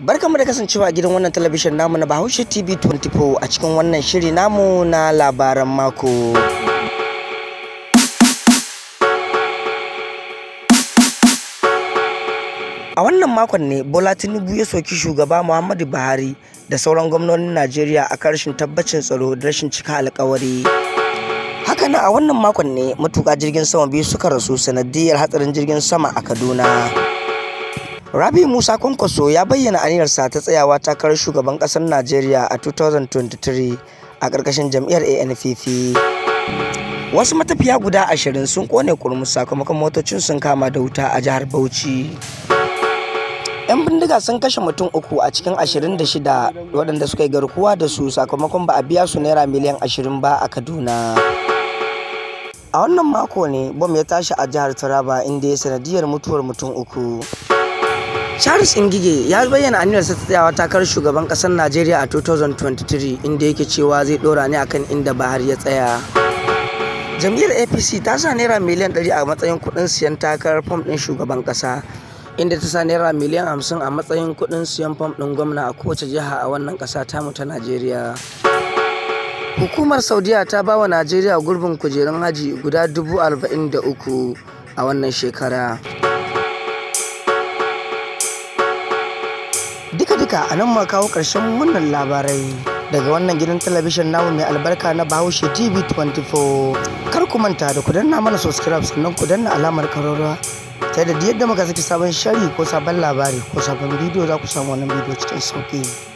barkamu da kasancewa a gidan wannan talabijin namu na bahaushe tv 24 a cikin wannan shiri namu na labaran mako a wannan makon ne bola tinubu ya soki shugaba muhammadu buhari da sauran gwamnonin najeriya a karshen tabbacin tsaro da rashin cika alkawari hakana a wannan makon ne matuka jirgin sama biyu suka rasu sanadiyar hatsarin jirgin sama a kaduna Rabi Musa Kwankwaso ya bayyana aniyarsa ta tsayawa takarar shugaban ƙasar Najeriya a 2023 a ƙarƙashin jam'iyyar ANPP. Wasu matafiya guda ashirin sun kone kurmus sakamakon motocin sun kama da wuta a jihar Bauchi. 'Yan bindiga sun kashe mutum uku a cikin ashirin da shida, waɗanda suka yi garkuwa da su sakamakon ba a biya su naira miliyan ashirin ba a Kaduna. A wannan mako ne bom ya tashi a jihar Taraba inda ya sanadiyar mutuwar mutum uku. Charles Ngige ya bayyana aniyarsa ta tsayawa takarar shugaban kasar Najeriya a 2023 inda yake cewa zai dora ne akan inda Bahari ya tsaya. Jam'iyyar APC ta sa naira miliyan 100 a matsayin kuɗin siyan takarar fam ɗin shugaban kasa inda ta sa naira miliyan 50 a matsayin kuɗin siyan fam ɗin gwamna a kowace jiha a wannan ƙasa tamu ta Najeriya. Hukumar Saudiya ta ba wa Najeriya gurbin kujerun haji guda uku a wannan shekara. duka-duka a nan ma kawo ƙarshen wannan labarai daga wannan gidan talabijin namu mai albarka na bahaushe tv 24 kar ku manta da ku danna mana subscribe sannan ku danna alamar kararrawa ta yadda yadda muka saki sabon shari ko sabon labari ko sabon bidiyo za ku samu wannan bidiyo cikin sauƙi